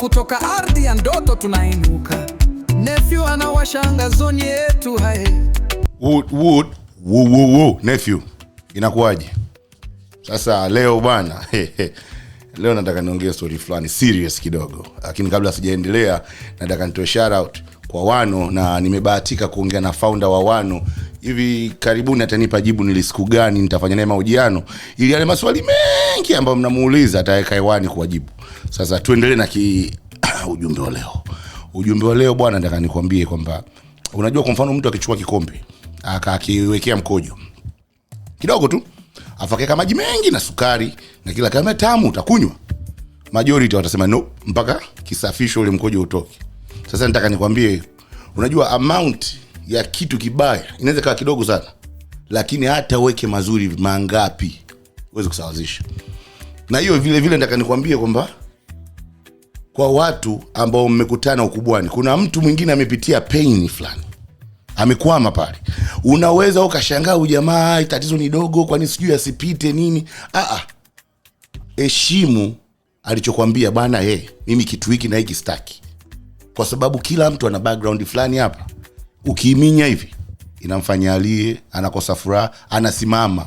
kutoka ardhi ya ndoto tunainuka. Nephew anawashanga zoni yetu hai. Wood, wood, woo, woo, woo. Nephew, inakuwaje sasa leo bwana? Leo nataka niongee story fulani serious kidogo, lakini kabla sijaendelea, nataka nitoe shout out kwa Wano na nimebahatika kuongea na founder wa Wano hivi karibuni, atanipa jibu ni siku gani nitafanya naye mahojiano, ili yale maswali mengi ambayo mnamuuliza ataweka hewani kuwajibu. Sasa tuendelee na ki ujumbe wa leo. Ujumbe wa leo bwana, nataka nikwambie kwamba unajua, kwa mfano mtu akichukua kikombe akakiwekea mkojo kidogo tu afakeka maji mengi na sukari na kila kama tamu, utakunywa? Majority watasema no, mpaka kisafishwe ule mkojo utoke. Sasa nataka nikwambie, unajua amount ya kitu kibaya inaweza kawa kidogo sana, lakini hata uweke mazuri mangapi uweze kusawazisha. Na hiyo vile vile nataka nikwambie kwamba kwa watu ambao mmekutana ukubwani, kuna mtu mwingine amepitia pain fulani, amekwama pale, unaweza ukashangaa ujamaa, tatizo ni dogo, kwani sijui asipite nini. heshimu alichokwambia bana, hey, eh, mimi kitu hiki na hiki sitaki kwa sababu kila mtu ana background fulani hapa. Ukiiminya hivi inamfanya alie, anakosa furaha, anasimama.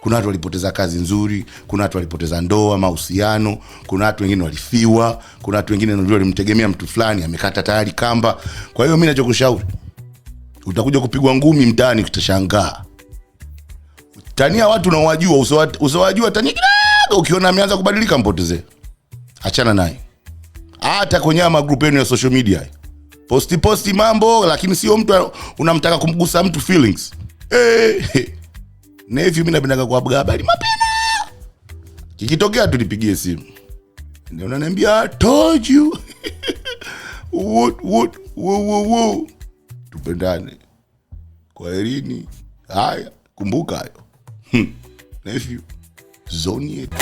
Kuna watu walipoteza kazi nzuri, kuna watu walipoteza ndoa, mahusiano, kuna watu wengine walifiwa, kuna watu wengine ndio walimtegemea mtu fulani amekata tayari kamba. Kwa hiyo mimi nachokushauri, utakuja kupigwa ngumi mtaani, utashangaa. Tania watu unaowajua, usowajua tania kidogo, ukiona ameanza kubadilika, mpotezee, achana naye hata kwenye magrupu yenu ya social media posti posti mambo, lakini sio mtu unamtaka kumgusa mtu feelings eh. Hey. mimi napenda kuabuga habari mapema, kikitokea tulipigie simu, ndio unaniambia told you what what wo wo wo, tupendane kwa elini. Haya, kumbuka hayo hmm. Navy zone yetu.